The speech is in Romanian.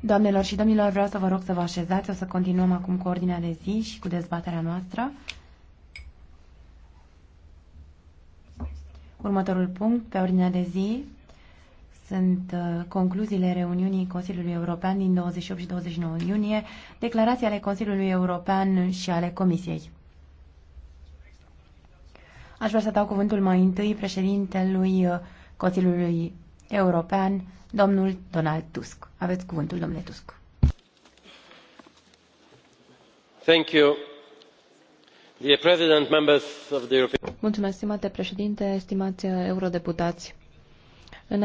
doamnelor și domnilor vreau să vă rog să vă așezați o să continuăm acum cu ordinea de zi și cu dezbaterea noastră. Următorul punct pe ordinea de zi sunt uh, concluziile reuniunii Consiliului European din 28 și 29 iunie, declarații ale Consiliului European și ale Comisiei. Aș vrea să dau cuvântul mai întâi președintelui uh, Consiliului european, domnul Donald Tusk. Aveți cuvântul, domnule Tusk. Thank you. Mulțumesc, stimate președinte, stimați eurodeputați.